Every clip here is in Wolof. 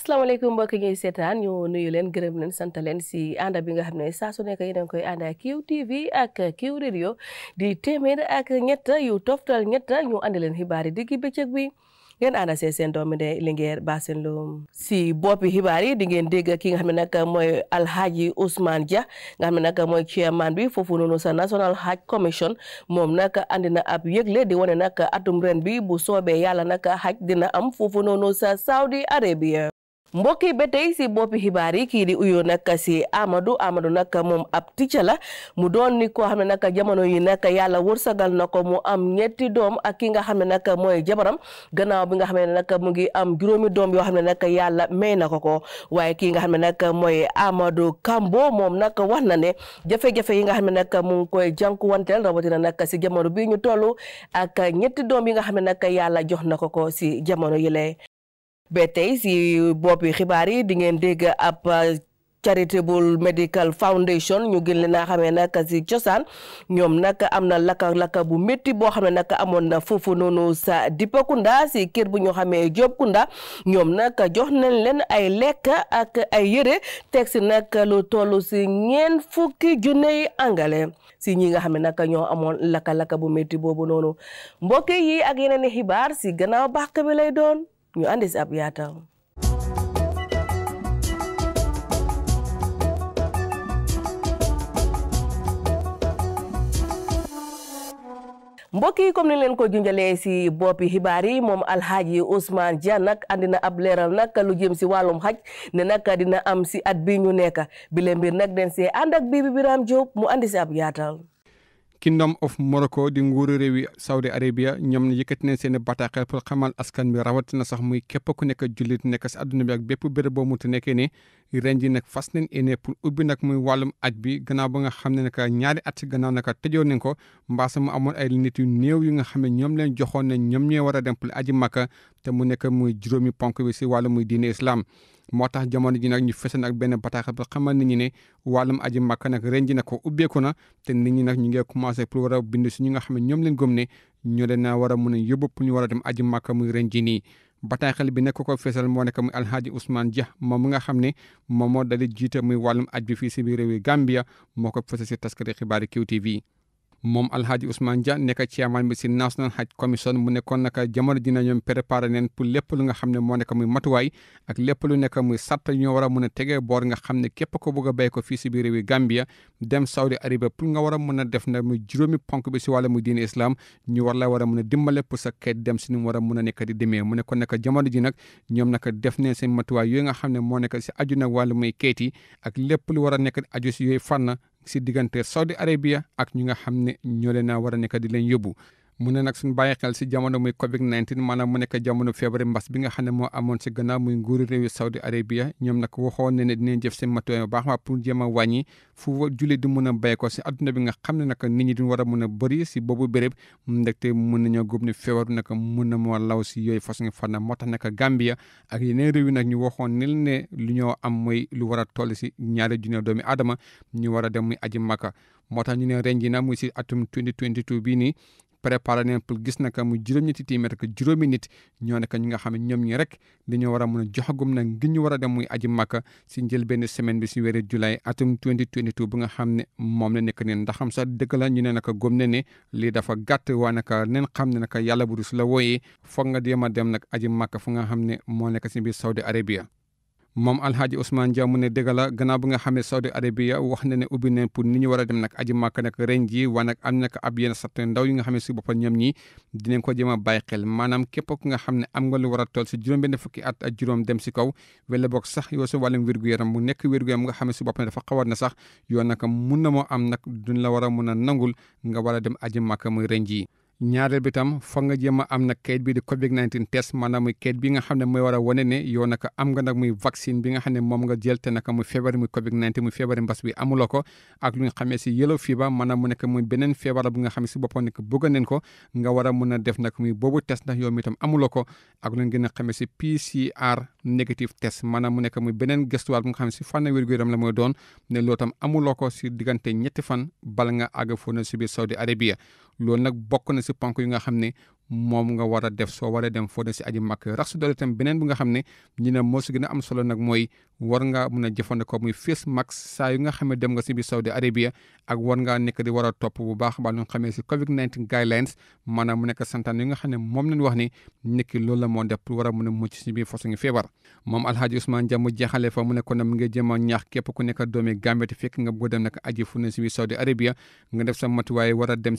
asalaamaaleykum mbokk ñuy seetaan ñu nuyu leen gërëm leen sant leen si ànda bi nga xam ne saa su nekk yéen a ngi koy ànd ak QTV ak Q Radio di téeméer ak ñett yu toftal ñett ñu andi leen xibaar yi diggi bëccëg bi ngeen ànd see seen doomi de Linguère Bassène Loum si boppi xibaar yi di ngeen dégg ki nga xam ne nag mooy Alhaji Ousmane Dia nga xam nag mooy chairman bi foofu noonu sa National Hajj Commission moom nag andi na ab yëgle di wane nag atum ren bi bu soobee yàlla nag hajj dina am foofu noonu sa Saudi Arabia mbokk yi ba tey si boppi xibaar yi kii di uyoo nag si Amadou Amadou nag moom ab ticca la mu doon ni koo xam ne nag jamono yi nag yàlla wërsagal na ko mu am ñetti doom ak ki nga xam ne nag mooy jabaram gannaaw bi nga xam ne nag mu ngi am juróomi doom yoo xam ne nag yàlla may na ko ko waaye kii nga xam ne nag mooy Amadou Kambo moom nag wax na ne jafe-jafe yi nga xam ne nag mu ngi koy jànkuwanteel na nag si jamono bii ñu toll ak ñetti doom yi nga xam ne nag yàlla jox na ko ko si jamono yi ba tey si boppi xibaar yi di ngeen dégg ab uh, Charitable Medical Foundation ñu gën leen a xamee nag si cosaan ñoom nag am na lakka-lakka bu métti boo xam ne nag amoon na foofu noonu sa Dipakunda si kër bu ñoo xame xamee Jobkunda ñoom nag jox nañ leen ay lekk ak ay yëre teg si nag lu toll si ñeen fukki junney angale si ñi nga xam ne nag ñoo amoon lakka-lakka bu métti boobu noonu mbokk yi ak xibaar si gannaaw baax bi lay doon ñu andi si ab yaatal mbokk yi comme ni leen ko junjalee si boppi xibaar yi moom alxaaji Ousmane Dia nag andi ab leeral nag lu jëm si wàllum xaj ne nag dina am si at bi ñu nekk bile mbir nag den see ànd ak Bibi Biram Diop mu andi ab yaatal Kingdom of Morocco di nguuru réewi Saudi Arabia ñoom yëkkati nañ seen i bataaxel pour xamal askan bi rawatina sax muy képp ku nekk jullit nekk si aduna bi ak bépp béréb boo munti nekke ne ren ji nag fas nañ ene pour ubbi nag muy wàllum aj bi gannaaw ba nga xam ne nag ñaari at gannaaw nag tëjoon nañ ko mbaasa mu amoon ay nit yu néew yu nga xam ne ñoom leen joxoon ne ñoom ñooy war a dem aji Makka te mu nekk muy juróomi ponk bi si wàllu muy diine moo tax jamono ji nag ñu fesan ak benn bataaxal ba xamal nit ñi ne wàllum aji màkk nag ren ji nag ko ubbeeku na te nit ñi nag ñu ngi commencé pour war a bind si ñi nga xam ne ñoom leen gëm ne ñoo leen naa war a mun a yóbbu pour a dem aji màkk muy ren ji nii bataaxal bi nekk ko fesal moo nekk muy alhaaji Ousmane Dia moom mi nga xam ne moom moo dali jiite muy wàllum aj bi fii si biir réewi Gambia moo ko fesal si taskati xibaari QTV moom alhaaji usman Dia nekk chairman bi si National Hajj Commission mu nekkoon naka jamono dina ñoom préparé neen pour lépp lu nga xam ne moo nekk muy matuwaay ak lu nekk muy sart ñoo war mun a tegee boor nga xam ne képp ko bëgg a ko fii si biir Gambia dem Saudi Arabia nga war a mun a def na muy juróomi ponk bi si wàlla muy diine islam ñu war la war a mun a dimbale pour sa kayit dem si ni mu war a mun a nekk di demee mu nekkoon naka jamono ji nag ñoom naka def neen seen matuwaay yooyu nga xam ne moo nekk si aju nag wàllu muy kayit yi ak lépp lu war a nekk aju si yooyu fànn si diggante Saudi Arabia ak ñi nga xam ne ñoo leen a war a nekk di leen yóbbu mu ne nag suñu bàyyi xel si jamono muy covid 19 maanaam mu nekk jamono feebari mbas bi nga xam ne moo amoon si gannaaw muy nguuru réewi Saudi Arabia ñoom nag waxoon ne ne dinañ jëf seen matuwaay bu baax waa pour jéem a wàññi fu julli di mun a béy ko si adduna bi nga xam ne nag nit ñi di war a mun a bëri si boobu béréb ndaxte mun nañoo góob ne feebaru nag mun na moo law si yooyu façon fànn moo tax nag Gambia ak yeneen réew yi nag ñu waxoon ne ne lu ñoo am mooy lu war a toll si ñaari junne doomi aadama ñu war a dem muy aji Makka moo tax ñu ne ren ji na muy si atum 2022 bii nii préparé nañ pour gis naka mu juróom-ñetti téeméer ak juróomi nit ñoo nekk ñi nga xam ñoom ñi rek dañoo war a mun a joxagum nag ngir ñu war a dem muy aji màkka si njël benn semaine bi si weeru julaay atum 2022 bu nga xam ne moom la nekk neen ndax xam sax dëgg la ñu ne naka góom ne ne lii dafa gàtt waa naka neen xam ne naka yàlla bu du su la wooye foog nga jéem a dem nag aji màkka fu nga xam ne moo nekk si biir Saudi Arabia moom alxaaji Ousmane Dia mu ne dëgg la bi nga xamee Saudi Arabia wax na ne ubbi ne pour ni ñu war a dem nag aji màkk nag ren ji waa nag am nag ab yenn sart ndaw yi nga xam ne si boppam ñoom ñi dinañ ko jéem a bàyyi xel maanaam képp ku nga xam ne am nga lu war a toll si juróom benn fukki at ak juróom dem si kaw wala boog sax yow sa wàllum wér-gu-yaram mu nekk wér-gu-yaram nga xam ne si boppam dafa xawat na sax yoon nag mun na moo am nag duñ la war a mun a nangul nga war dem aji màkk muy ren ji ñaareel bi tam foog nga jéem am na kayit bi di Covid 19 test maanaam muy kayit bi nga xam ne mooy war a wane ne yow naka am nga nag muy vaccine bi nga xam ne moom nga jël te naka muy feebar muy Covid 19 muy feebar mbas bi amuloo ko ak lu nga xamee si yellow fever mu nekk muy beneen feebar bu nga xam ne si boppam nekk bëgg neen ko nga war a mun a def nag muy boobu test ndax yow mi tam amuloo ko ak lu gën a xamee si PCR négative test maanaam mu nekk muy beneen gëstuwaat bu nga xam ne si fan wér-gu-yaram la mooy doon ne loolu tam amuloo ko si diggante ñetti fan bala nga àgg foofu na si biir Saudi Arabia loolu nag bokk na si ponk yi nga xam ne moom nga war a def soo waree dem foo dem si nga xam ne ñu ne moo a am solo nag mooy war ngaa mun a jëfandikoo muy face mask saa yu nga xam ne a si covid 19 guidelines a mun a mucc si biir façon a ñaax képp a dem nag aji fu ne si biir Saudi nga def sa matuwaay war a dem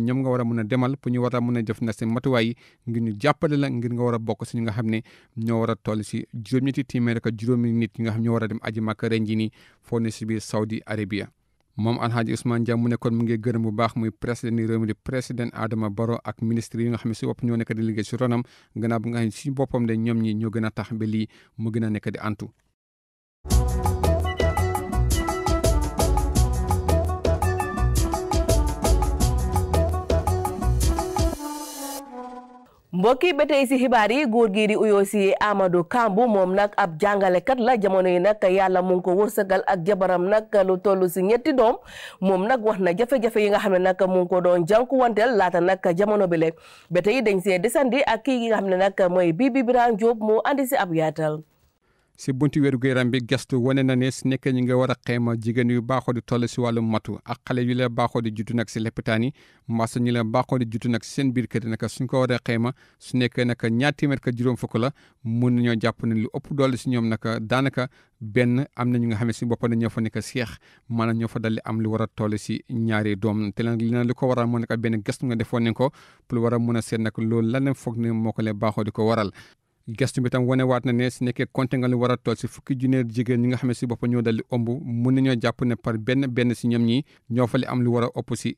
ñoom nga war a mun a demal pour ñu war mun a jëf na si matuwaay yi ngir ñu jàppale la ngir nga war a bokk si ñi nga xam ne ñoo war a toll si juróom-ñetti téeméer ak juróomi nit ñi nga xam ñoo war a dem aji màkk ren ji ni foo ne si biir Saudi Arabia moom alhaaji Ousmane Dia mu nekkoon mu ngi gërëm bu baax muy président ni mi di président Adama Barrow ak ministre yi nga xam ne si bopp ñoo nekk di liggéey si ronam gannaaw bi nga xam ne si boppam ñoom ñi ñoo gën a tax ba lii mu gën a nekk di antu mbokki ba tey si xibaar yi góor gii di uyoo si Amadou Kambu moom nag ab jàngalekat la jamono yi nag yàlla mu ngi ko wërsëgal ak jabaram nag lu toll si ñetti doom moom nag wax na jafe-jafe yi nga xam ne nag mu ngi ko doon jànkuwanteel laata nag jamono bi le ba tey dañ see desandi ak kii nga xam ne nag mooy Bibi Birame Diop mu andi si ab yaatal si buntu wér gu yaram bi gestu wane na ne si nekk ñi nga war a xayma jigéen yu baaxoo di toll si wàllu matu ak xale yu la baaxoo di jutu nag si lepitaan yi mbaa ñu la baaxoo di jutu nag seen biir kër naka suñ ko war a xayma su nekk naka ñaar téeméer ka juróom fukk la mun nañoo jàpp ne lu ëpp doole si ñoom naka daanaka benn am na ñu nga xam ne si boppam ñoo fa nekk seex maanaam ñoo fa daldi am lu war a toll si ñaari doom te nag li na li ko waral moo nekk benn gestu nga defoon nañ ko pour war a mun a seet nag loolu lan foog ne moo ko le baaxoo di ko waral gestu bi tam wanewaat na ne si nekke compté nga lu war a toll si fukki junne jigéen ñi nga xam ne si bopp ñoo dal di ëmb mun nañoo jàpp ne par benn benn si ñoom ñi ñoo fa li am lu war a si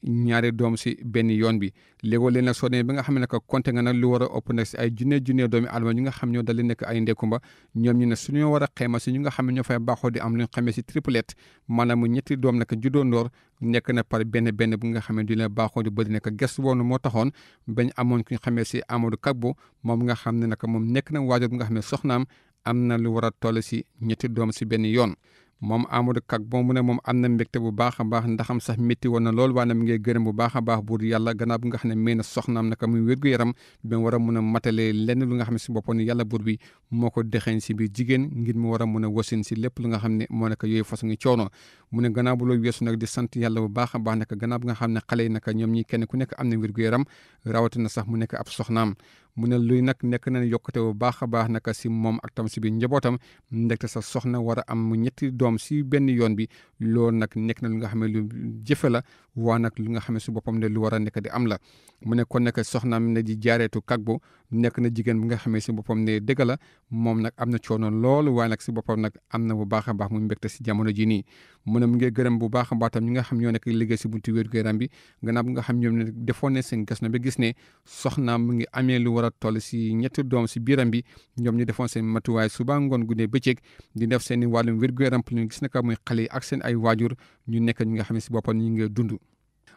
doom si benn yoon bi léegoo leen nag soo demee bi nga xam ne que compté nga nag lu a ëpp nag si ay junne junne doomi adama ñi nga xam ñoo dal ay ndekumba ñoom ñi ne suñoo war a xayma si ñi nga xam ne ñoo fay baaxoo di am lu ñu xamee si triplette maanaam ñetti doom nag juddoo ndoor nekk na par benn benn bu nga xam ne di la baaxoo di bëri nekk gëstu woon moo taxoon bañ amoon ki nga xamee si Amadou Kagbo moom nga xam ne nag moom nekk na waajur bi nga xam ne soxnaam am na lu war a toll si ñetti doom si benn yoon. moom Amadou Kag moom mu ne moom am na mbégte bu baax a baax ndaxam sax métti woon na lool waane mi ngay gërëm bu baax a baax buur yàlla gannaaw bi nga xam ne may na soxnaam naka muy wér-gu-yaram bi mu war a mun a matale lenn lu nga xam ne si boppam yàlla buur bi moo ko dexeñ si biir jigéen ngir mu war a mun a wasin si lépp lu nga xam ne moo nekk yooyu façon ngi coono mu ne gannaaw bu loolu nag di sant yàlla bu baax a baax naka gannaaw nga xam ne xale yi naka ñoom ñi kenn ku nekk am na wér-gu-yaram rawatina sax mu nekk ab soxnaam mu ne luy nag nekk na yokkute bu baax a baax naka si moom ak tam si biir njabootam ndekte sa soxna war a am ñetti doom si benn yoon bi loolu nag nekk na lu nga xam ne lu jëfe la waa nag lu nga xam ne su boppam ne lu war a nekk di am la mu ne kon soxna soxnaam ne di jaareetu kagbo nekk na jigéen bi nga xam si boppam ne dëgg la moom nag am na coono lool waa nag si boppam nag am na bu baax a baax mu mbégte si jamono ji nii mu ne mu ngi gërëm bu baax a baax tam nga xam ñoo nekk liggéey si buntu wér gu yaram bi gannaaw bi nga xam ñoom ne defoon ne seen gas na ba gis ne soxna mu ngi amee lu war a toll si ñetti doom si biiram bi ñoom ñu defoon seen matuwaay suba ngoon guddee bëccëg di def seen i wàllum wér gu yaram pour ñu gis naka muy xale ak seen ay waajur ñu nekk ñi nga xam ne si boppam ñu ngi dund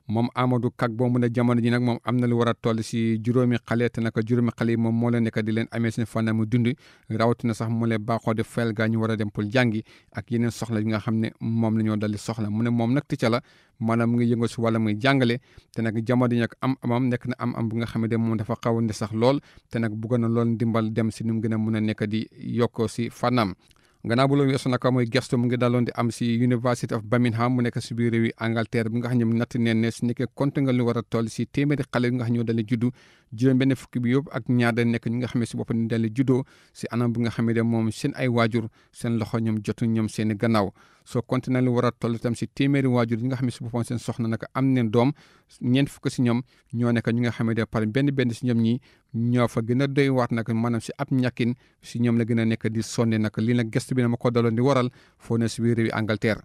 moom Amadou Kag boobu nag jamono ji nag moom am na lu war a toll si juróomi xale te naka juróomi xale moom moo leen nekk di leen amee seen fanamu dund rawatina sax mu leen baaxoo di fayal gaa ñu war a dem pour jàngi ak yeneen soxla yi nga xam ne moom la ñoo dal di soxla mu ne moom nag ticca la maanaam mu ngi yëngu si wàlla muy jàngale te nag jamono ji nag am amam nekk na am am bu nga xam ne moom dafa xaw a sax lool te nag bëggoon na lool ndimbal dem si nu mu gën a mën a nekk di yokkoo si fanaam gannaaw bu la weesu nag mooy gestu mu ngi daloon di am si University of Birmingham mu nekk si biir réewi Angleterre bi nga xam ne natt neen ne su nekkee compte nga lu war a toll si téeméeri xale yi nga xam ñoo juddu juróom benn fukki bi yëpp ak ñaar dañ nekk ñi nga xam ne si bopp ni daal juddoo si anam bi nga xam ne moom seen ay waajur seen loxo ñoom jotu ñoom seen i gannaaw soo continué lu war a toll itam si téeméeri waajur yi nga xam ne si boppam seen soxna nag am neen doom ñeent fukk si ñoom ñoo nekk ñi nga xam ne par benn benn si ñoom ñi ñoo fa gën a doy waat nag maanaam si ab ñàkkin si ñoom la gën a nekk di sonne nag lii nag gëstu bi na ma ko daloon di waral foo ne si biir réewi Angleterre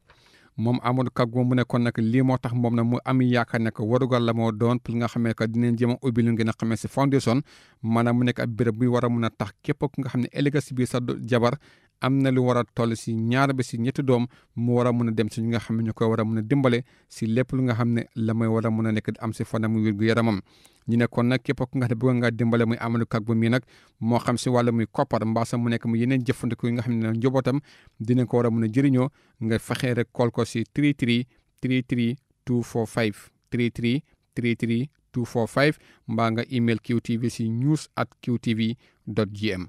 moom Amadou Ka moom mu ne kon nag lii moo tax moom na mu am yaakaar ne que warugal la moo doon pour nga xamee que dinañ jéem a ubbi lu ngeen a xamee si fondation maanaam mu nekk ab béréb bi war a mun a tax képp ku nga xam ne ëllëg si biir sa jabar am na lu war a toll si ñaar ba si ñetti doom mu war a mun a dem si ñi nga xam ne ñu koy war a mun a dimbale si lépp lu nga xam ne la may war a mun a nekk am si fanam wér gu yaramam ñu ne kon nag képp ku nga xam ne bëgg nga dimbale muy Amadou Kagbo mii nag moo xam si wàllu muy koppar mbaa sax mu nekk mu yeneen jëfandiku yi nga xam ne njobootam dina ko war mën a jariñoo nga fexee rek kool ko si 33 33 245 33 33 245 mbaa nga email QTV si news at qtv dot gm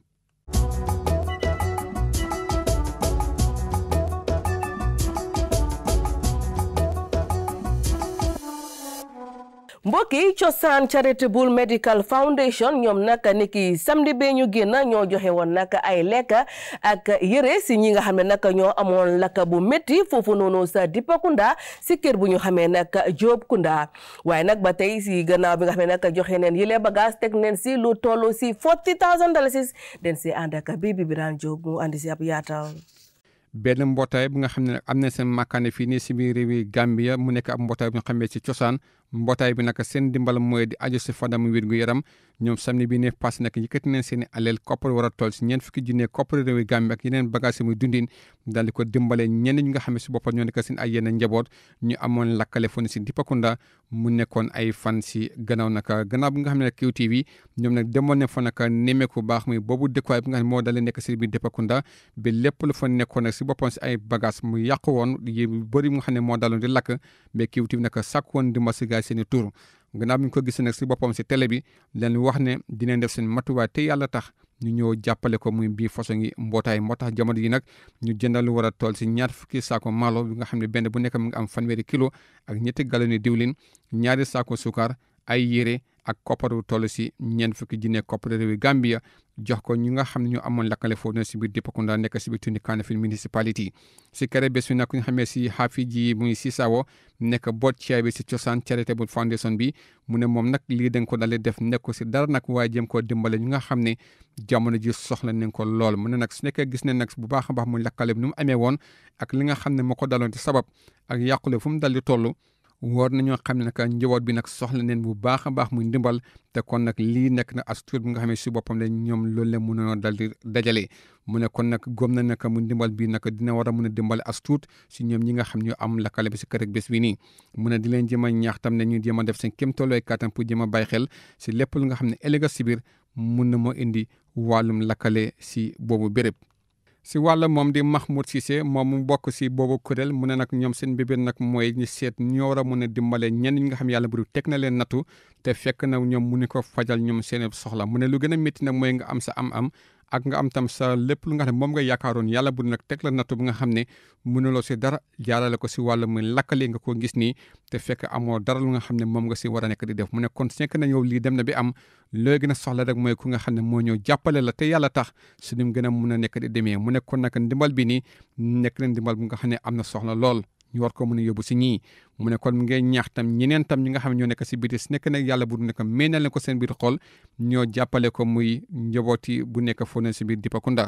mbokk yi cosaan charitable medical foundation ñoom naka ni samdi samedi bee ñu génn ñoo joxe woon naka ay lekka ak yëre si ñi nga xam ne naka ñoo amoon lakka bu métti foofu noonu sa Dipakunda si kër bu ñu xamee naka Job waaye nag ba tey si gannaaw bi nga xam ne joxe neen yële bagage teg neen si lu toll si forty thousand dalasis den si ànd ak bii bi Birame Jobe mu andi si ab yaatal benn mbootaay bu nga xam ne nag am na seen màkkaane fii nii si biir réewi Gambia mu nekk ab mbootaay bu nga xam ne si cosaan mbootaay bi nag seen dimbal mooy di aju si fadamu wér gu yaram ñoom samedi bi ne passé nag yëkkati neen seen i aleel koppar war a toll si ñeent fukki junne koppar réewi Gàmbi ak ko dimbale ñenn nga xam ne si mu nekkoon ay fan si bi nga xam ne QTV ñoom nag demoon ne baax muy boobu dëkkuwaay bi nga xam ne moo dalee nekk si biir Dipakunda ba lépp lu fa nekkoon nag si boppam si ay bagage mu yàqu nga xam ne moo daloon di lakk ba QTV nag sàkk woon dimbal si yaay seen i tur gannaaw bi ñu ko gisee nag si boppam si télé bi leen wax ne dinañ def seen matuwaay te yàlla tax ñu ñëw jàppale ko muy bii façon yi mbootaay moo tax jamono yi nag ñu jëndal lu tool si ñaar fukki saako maalo bi nga xam ne benn bu nekk mi nga am fanweeri kilo ak ñetti galoni diwlin ñaari saako sukaar ay yére ak kopparu toll si ñeent fukki junne kopparu réewi Gambia jox ko ñu nga xam ne ñu amoon lakkale foofu noonu si biir Dipakunda nekk si biir Tuni Kanifing municipality si kere bés bi bi mu ne moom nag lii ko dalee def nekk si dara nag waaye koo dimbale ñu nga xam ne jamono ji soxla nañ ko lool mu ne nag su nekkee gis ne nag bu baax a baax mu lakkale bi nu mu amee woon ak li nga xam ne moo ko daloon ci sabab war nañoo xam ne nag njaboot bi nag soxla neen bu baax a baax muy ndimbal te kon nag lii nekk na as tuut bu nga xam ne si boppam la ñoom loolu la mën a dal dajale mu ne kon nag góom na nag mu ndimbal bi nag dina war a mën a dimbale as tuut si ñoom ñi nga xam ñu am lakkale bi si kër ak bi nii mu ne di leen jéem a ñaax tam ne ñu jéem a def seen kéem tolluwaay kàttan pour jéem a bàyyi xel si lépp lu nga xam ne ëllëg si biir mun na moo indi wàllum lakkale si boobu béréb si wàlla moom di max si se moom mu bokk si boobu kuréel mu ne nag ñoom seen bébé nag mooy ñi seet ñoo war a mën a dimbale ñenn ñi nga xam yàlla bu teg na leen nattu te fekk na ñoom mu ni ko fajal ñoom seen soxla mu ne lu gën a métti nag mooy nga am sa am-am ak nga am tam sa lépp lu nga xam ne moom nga yaakaaroon yàlla bu nag teg la nga xam ne mënuloo si dara jaarale ko si wàllu muy lakkale nga ko gis nii te fekk amoo dara lu nga xam ne moom nga si war a nekk di def mu ne kon cinq na yow lii dem na bi am looy gën a mooy ku nga xam ne moo ñëw jàppale la te yàlla tax su nim gën a mun a nekk di demee mu ne nag ndimbal bi nii nekk na ndimbal bu nga xam ne am na soxla lool ñu ko mun a yóbbu si ñii mu ne kon mu ngay ñaax tam ñeneen tam ñi nga xam ne ñoo nekk si biti si nekk nag yàlla bu nekk meenal leen ko seen biir xol ñoo jàppale ko muy njabooti bu nekk foo ne si biir Dipakunda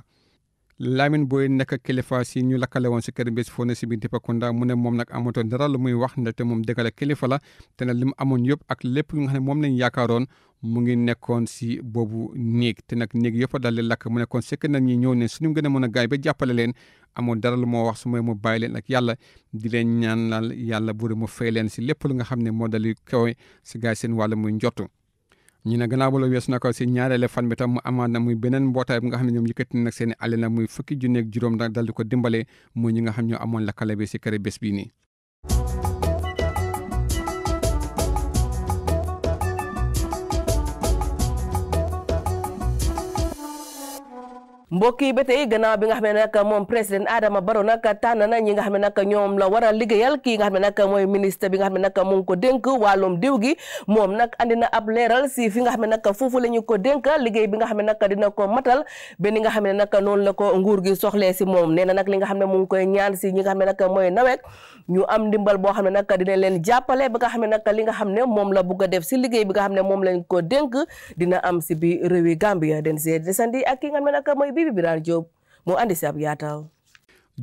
Lamine Boye nekk kilifa si ñu lakkale woon si kër Mbese Fone si biir Dipakunda mu ne moom nag amatoon daral lu muy wax ndaxte moom dëgg kilifa la te nag li mu amoon yëpp ak lépp lu nga xam ne moom lañ yaakaaroon mu ngi nekkoon si boobu néeg te nag néeg yëpp daal di lakk mu nekkoon sekk na ñi ñëw ne suñu gën a mën a gaañ ba jàppale leen amoon dara lu moo wax su mooy mu bàyyi leen ak yàlla di leen ñaanal yàlla buur mu fay leen si lépp lu nga xam ne moo dal di kawe si gaay seen wàllu muy njottu ñu ne gannaaw ba la na si ñaareele fan bi tam mu amaat muy beneen mbootaay bi nga xam ne ñoom yëkkati nag seen ale na muy fukki junneeg juróom dal ko dimbale muy ñi nga xam ñoo amoon lakkale bi si kër bés bii mbokk yi ba tey gannaaw bi nga xam ne nag moom président Adama Barrow nag tànn na ñi nga xam ne nag ñoom la war a kii nga xam ne nag mooy ministre bi nga xam ne nag mu ngi ko dénk wàllum diw moom nag andi na ab leeral si fi nga xam ne nag foofu la ñu ko dénk liggéey bi nga xam ne nag dina ko matal ba ni nga xam nag noonu la ko nguur gi soxlee si moom nee na nag li nga xam ne mu ngi koy ñaan si ñi nga xam ne nag mooy nawet ñu am ndimbal boo xam ne nag dina leen jàppale ba nga xam ne nag li nga xam ne moom la bugg def si liggéey bi nga xam ne moom lañ ko dénk dina am si bi réewi Gambia den see desandi ak ki nga xam ne nag Bibi Birane Diop moo andi si ab yaatal.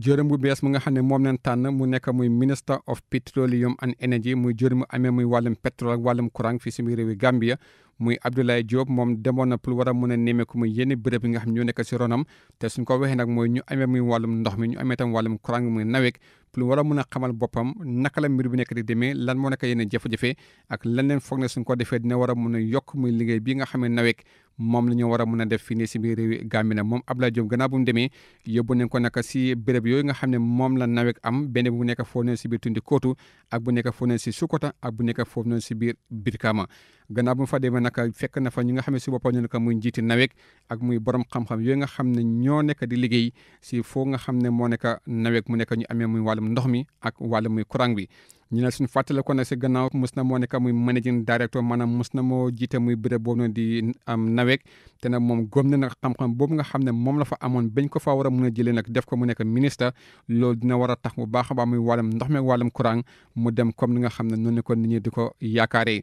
jërëm bu bees mu nga xam ne moom leen tànn mu nekk muy minister of petroleum and energy muy jërëm mu amee muy wàllum pétrole ak wàllum courant fii si muy réewi Gambia muy Abdoulaye joob moom demoon na pour war a mun a nemmeeku muy yenn béréb yi nga xam ñoo nekk si ronam te suñ ko waxee nag mooy ñu amee muy wàllum ndox mi ñu amee tam wàllum courant muy nawet pour war a mën a xamal boppam naka la mbir bi nekk di demee lan moo nekk yeneen jafe-jafe ak lan leen foog ne suñ ko defee dina war a mun a yokk muy liggéey bi nga xam ne nawek moom la war a a def fii nii si biir réew na moom Abdoulaye Diop gannaaw bu mu demee yóbbu nañ ko nag si béréb yooyu nga xam ne moom la nawek am benn bu nekk foofu si biir tundi kootu ak bu nekk foofu noonu si Sukota ak bu nekk foofu noonu si biir Birkama gannaaw bu mu fa demee fekk na fa ñi nga xam ne si boppam ñu ne ko muy njiiti nawek ak muy borom xam-xam yooyu nga xam ne ñoo nekk di liggéey si foo nga xam ne moo nekk nawek mu nekk ñu amee muy wàll wàllum ndox mi ak wàllum courant bi ñu suñu fàttale ko nag si gannaaw mos na moo nekk muy managing director maanaam mos na moo jiite muy béréb boobu noonu di am naweeg te nag moom góom na nag xam-xam boobu nga xam ne moom la fa amoon bañ ko faa war a mun a jëlee nag def ko mu nekk ministre lool dina war a tax mu baax a baax muy wàllum ndox meeg wàllum courant mu dem comme ni nga xam ne noonu ko nit ñi di ko yaakaaree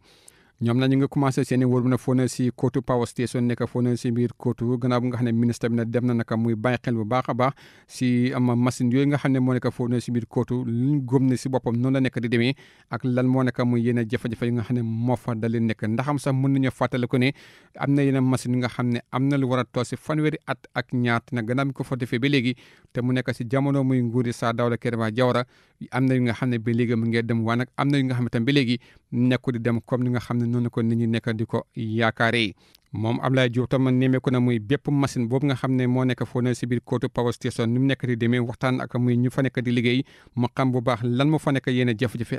ñoom na ñu ngi commencé seen i wóor bu na foo na si kootu power station nekk foo na si biir kootu gannaaw bu nga xam ne ministre bi na dem na naka muy bàyyi xel bu baax a baax si ama machine yooyu nga xam ne moo nekk foo na si biir kootu luñ góom ne si boppam noonu la nekk di demee ak lan moo nekk muy yenn jafe-jafe yi nga xam ne moo fa dali nekk ndaxam sax mën nañu fàttali ko ne am na yenn machine yi nga xam ne am na lu war a toog si fanweeri at ak ñaar na gannaaw bi ko fa defee ba léegi te mu nekk si jamono muy nguuri saa Dawda Kairaba Jawara am na yu nga xam ne ba léegi mu ngi dem waa nag am na yu nga xam ne tam ba léegi nekku di dem comme ni nga xam ne ne noonu na nit ñi nekk di ko yaakaaree moom Ablaye Diouf tam nemmeeku na muy bépp machine boobu nga xam ne moo nekk foo ne si biir kootu power station ni mu nekk di demee waxtaan ak muy ñu fa liggéey mu xam bu baax lan mu fa nekk yéen a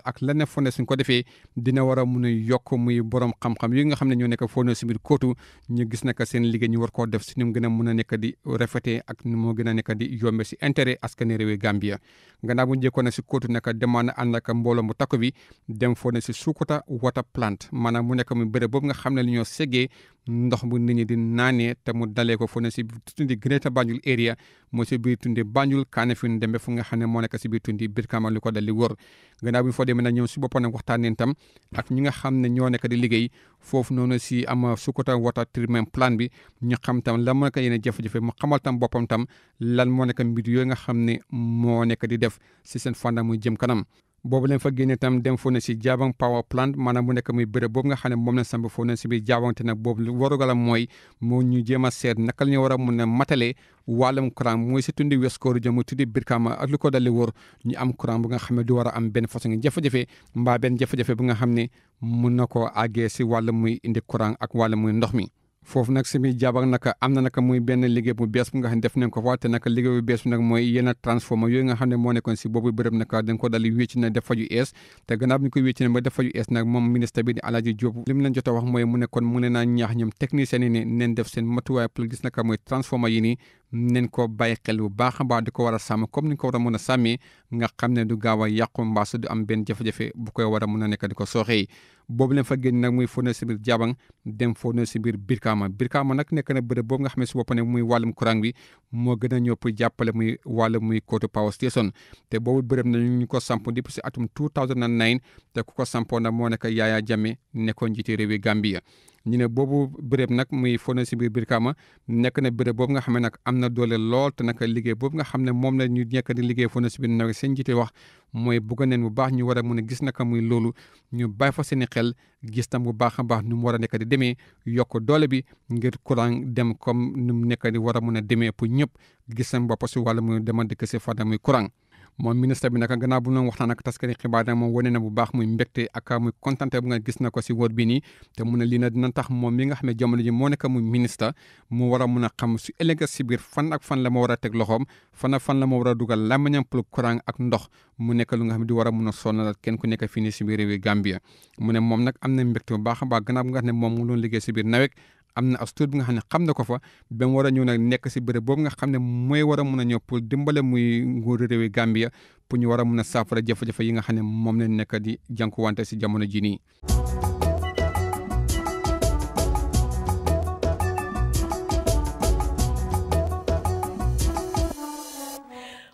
ak lan ne foo ne ko defee dina war a mun a muy borom xam-xam nga xam ne ñoo nekk foo ne si biir kootu gis naka seen liggéey ñu war koo def si ñu gën a mun a nekk di rafetee ak nu mu gën a nekk di yombe si intérêt askan réewi Gambia gannaaw bu njëkkoon na si kootu nag demaan na ànd ak mbooloo mu takku bi dem foo ne si Sukuta water plant maanaam mu nekk muy bërëb boobu nga xam ne li ñoo seggee ndox bu nit ñi di naanee te mu dalee ko fu ne si tundi Greater Banjul area moo si biir tundi Banjul Kanifing dembe fu nga xam ne moo nekk si biir tundi Brikama lu ko dal di wër gannaaw bi ñu fa demee nag si boppam waxtaanee tam ak ñi nga xam ne ñoo nekk di liggéey foofu noonu si ama Sukuta water treatment plan bi ñu xam tam lan moo nekk yeneen jafe-jafe mu xamal tam boppam tam lan moo nekk mbir yooyu nga xam ne moo nekk di def si seen fànn muy jëm kanam boobu leen fa génne tam dem foo na si Jaabang power plant maanaam mu nekk muy bërëb boobu nga xam ne moom lañ samb foo na si biir Jaabang te nag boobu warugalam mooy moo ñu jéem a seet naka la ñu war a mun a matale wàllum courant mooy si tundi Westcoast Region mu tuddi Brikama ak lu ko dalle wóor ñu am courant bu nga xam ne du war a am benn façon jafe-jafe mbaa benn jafe-jafe bu nga xam ne mun na koo àggee si wàllum muy indi courant ak wàllum muy ndox mi foofu nag si muy jaabar naka am na naka muy benn liggéey bu bees bu nga xam def nañ ko fa te naka liggéey bu bees na nag mooy yenn transformer yooyu nga xam ne moo nekkoon si boobu bërëb naka dañ ko dal wécci na def fa ju ees te gannaaw bi ñu ko wécci def fa ju ees nag moom ministre bi di Alaaji Diop li mu leen jot a wax mooy mu nekkoon mu ne naa ñaax ñoom technicien ne neen def seen matuwaay na gis naka mooy yi nii neen ko bàyyi xel bu baax baax di ko war a sàmm comme ni ko war a mën a sàmmee nga xam ne du gaaw a yàqu mbaasu du am benn jafe-jafe bu koy war a mën a nekk ko sooxee boobu leen fa génn nag muy fourneau si biir Jabang dem fourneau si biir Birkama Birkama nag nekk na bërëb boobu nga xam ne su boppam ne muy wàllum courant bi moo gën a ñëw pour jàppale muy wàllum muy Koto Power Station te boobu bërëb na ñu ko samp depuis si atum 2009 te ku ko sampoon na moo nekk Yaya Jammeh nekkoon njiite réewi Gambia ñu ne boobu béréb nag muy fona si biir Brikama nekk ne béréb boobu nga xam ne nag am na doole lool te nag liggéey boobu nga xam ne moom la ñu nekk di liggéey fona si biir nawet seen jiite wax mooy bëgg neen bu baax ñu war a mun a gis naka muy loolu ñu bàyyi fa seeni xel gis tam bu baax a baax nu mu war a nekk di demee yokk doole bi ngir courant dem comme nu mu nekk di war a mun a demee pour ñëpp gis seen bopp si wàllu mu dema dëkk si fada muy courant moom ministre bi naka gannaaw bu ñu waxtaan taskari xibaar nag moom wane na bu baax muy mbégte ak muy kontante bu nga gis na ko si wóor bi te mu ne lii na tax moom mi nga xam ne jamono ji moo nekk muy ministre mu war a mun a xam su ëllëg si biir fan ak fan la ma war a teg loxoom fan a fan la moo war a dugal làmmiñam pour courant ak ndox mu nekk lu nga xam ne di a mun a sonal kenn ku nekk fii nii si biir réewi Gambia mu ne moom nag am na mbégte bu baax a baax moom mu doon si biir nawet am na as tuut bi nga xam ne xam na ko fa ba war a ñëw nag nekk si bërëb boobu nga xam ne mooy war a mun a ñëw pour dimbale muy nguuru réewi Gambia pour ñu war a mun a saafara jafe-jafe yi nga xam ne moom lañ nekk di jànkuwante si jamono ji nii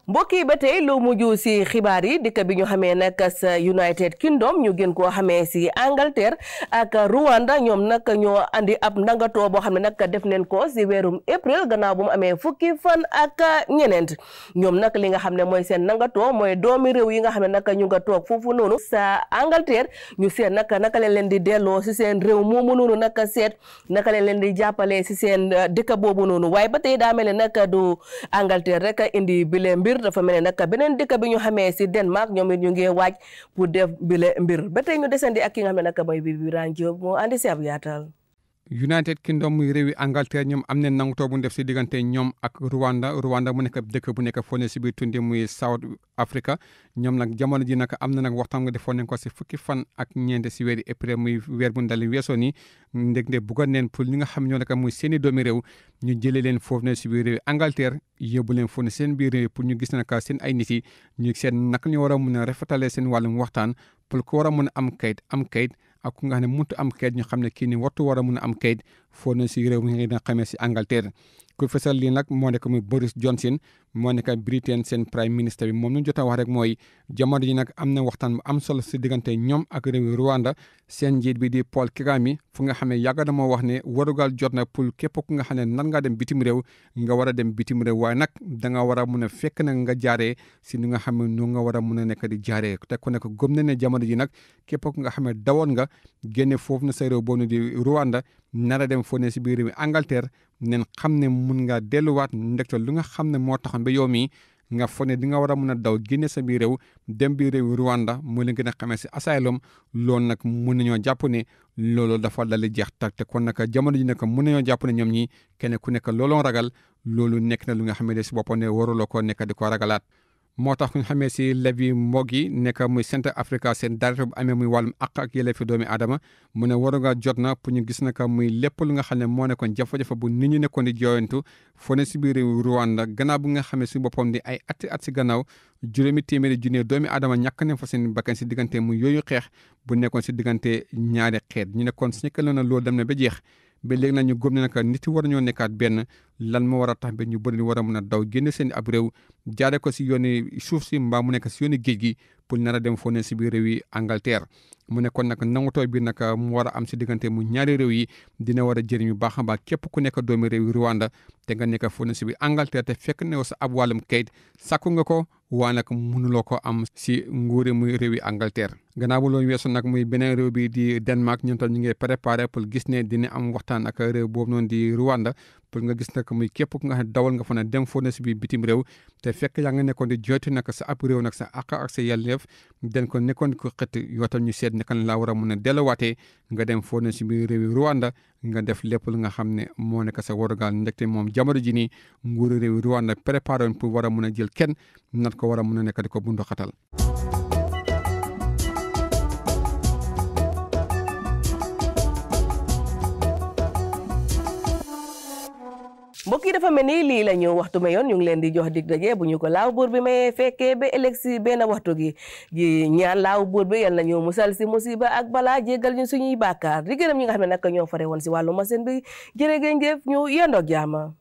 mbokk yi ba tey lu mujj si xibaar yi dikk bi ñu xamee nag sa United Kingdom ñu gën koo xamee si Angleterre ak Rwanda ñoom nag ñoo andi ab nangatoo boo xam ne nag def neen ko si weerum april gannaaw bu mu amee fukki fan ak ñeneent ñoom nag li nga xam ne mooy seen nangatoo mooy doomi réew yi nga xam ne nag ñu nga toog foofu noonu sa Angleterre ñu seet nag naka leen leen di delloo si seen réew moomu noonu nag seet naka leen leen di jàppale si seen dëkk boobu noonu waaye ba tey daa mel nag du Angleterre rek indi mbir dafa mel ne nag beneen dëkk bi ñu xamee si Denmark ñoom it ñu ngi waaj pour def bile mbir ba tey ñu desandi ak ki nga xam ne nag mooy Bibiran Diop moo andi si ab United Kingdom muy réewi Angleterre ñoom am nañ nangutoo bu ñu def si diggante ñoom ak Rwanda Rwanda mu nekk dëkk bu nekk fone si biir tundi muy South Africa nag jamono ji nag am na nag waxtaan nga defoon nañ ko si fukki fan ak ñeent si weeri april muy weer bu ndali weesoo ni ndég nde buggoon neen pour ñi nga xam ñoo naka muy seen i doomi ñu jëlee leen foofu ne si biir réewi Angleterre yóbbu leen fone seen biir pour ñu gis naka seen ay nit yi ñu seen naka ñu war a mun a rafetale seen wàllum waxtaan pour ko war a mun a am kayit am kayit ak ku nga xam ne mënut am kayit ñu xam ne kii ni wartu war a mun a am kayit foo na si réew mi nga xamee si Angleterre ku fësal lii nag moo nekk muy Boris Johnson moo nekk Britain seen prime minister bi moom ñu jot a wax rek mooy jamono ji nag am na waxtaan bu am solo si diggante ñoom ak réewi Rwanda seen njiit bi di Paul Kagame fu nga xamee yàgg na moo wax ne warugal jot na pour képp ku nga xam ne nan ngaa dem bitim réew nga war a dem bitim réew waaye nag da nga war a mun a fekk nag nga jaaree si ni nga xam ne nu nga war a mun a nekk di jaaree te ku nekk gëm na ne jamono ji nag képp ku nga xam ne dawoon nga génne foofu na sa réew boo nu di Rwanda nar a dem foo ne si biir réew mi neen xam ne mun nga delluwaat ndekte lu nga xam ne moo taxoon ba yow mii nga fone ne di nga war a mun a daw génne sa biir réew dem biir réew Rwanda moo leen gën a xamee si asylum loolu nag mun nañoo jàpp ne loolu dafa dali jeex tak te kon nag jamono ji nag mun nañoo jàpp ne ñoom ñi kenn ku nekk looloo ragal loolu nekk na lu nga xam ne si boppam ne waruloo ko nekk di ko ragalaat. moo tax nga xamee si levi mbog yi nekk muy Centre Africa seen dara bu amee muy wàllum àq ak yelleefu doomi aadama mu ne war nga jot na pour ñu gis naka muy lépp lu nga xam ne moo nekkoon jafe bu nit ñi nekkoon di jooyantu foo si biir Rwanda gannaaw bu nga xamee si boppam di ay atti at si gannaaw juróomi téeméeri junne doomi adama ñàkk ne fa seen bakkan si diggante mu yooyu xeex bu nekkoon si diggante ñaari xeet ñu nekkoon si ñëkkaloon na loolu dem na ba jeex ba léegi nag ñu ne nag nit yi war ñoo nekkaat benn lan moo war a tax ba ñu bëri war a mën a daw génn seen ab jaare ko si yooni suuf si mbaa mu nekk si yooni géej gi pour nar dem foo si biir réew yi Angleterre mu ne kon nag nangutoo bi nag mu war a am si diggante mu ñaari réew yi dina war a jëriñ bu baax a baax képp ku nekk doomi réew yi Rwanda te nga nekk foo si biir Angleterre te fekk ne sa ab wàllum kayit sakku nga ko waa nag mënuloo ko am si nguuri mu réew yi Angleterre gannaaw bu loolu weesu nag muy beneen réew bi di Denmark ñoom tam ñu ngi préparé pour gis ne dina am waxtaan ak réew boobu noonu di Rwanda pour nga gis nag muy képp ku nga xam ne dawal nga fa ne dem foo si biir bitim réew te fekk yaa nga nekkoon di joytu nag sa ab réew nag sa àq ak sa yelleef den ko nekkoon ko xët yoo tam ñu seet naka laa war a mun a delluwaatee nga dem foo na si biir réew Rwanda nga def lépp lu nga xam ne moo nekk sa warugaal ndekte moom jamono ji nii nguuru réew Rwanda préparé woon pour war a mun a jël kenn nat ko war a mun a nekk ko bundu xatal mbokk yi dafa mel ni lii la ñu waxtu mayoon ñu ngi leen di jox dig daje bu ñu ko laaw buur bi mayee fekkee ba ëllëg si benn waxtu gi ji ñaan laaw buur bi yal na ñu musal si musiba ak balaa jéggal ñu suñuy bàkkaar di gërëm ñi nga xam ne nag ñoo fare woon si wàllu masin bi jërë ngeen jëf ñu yendoog jaama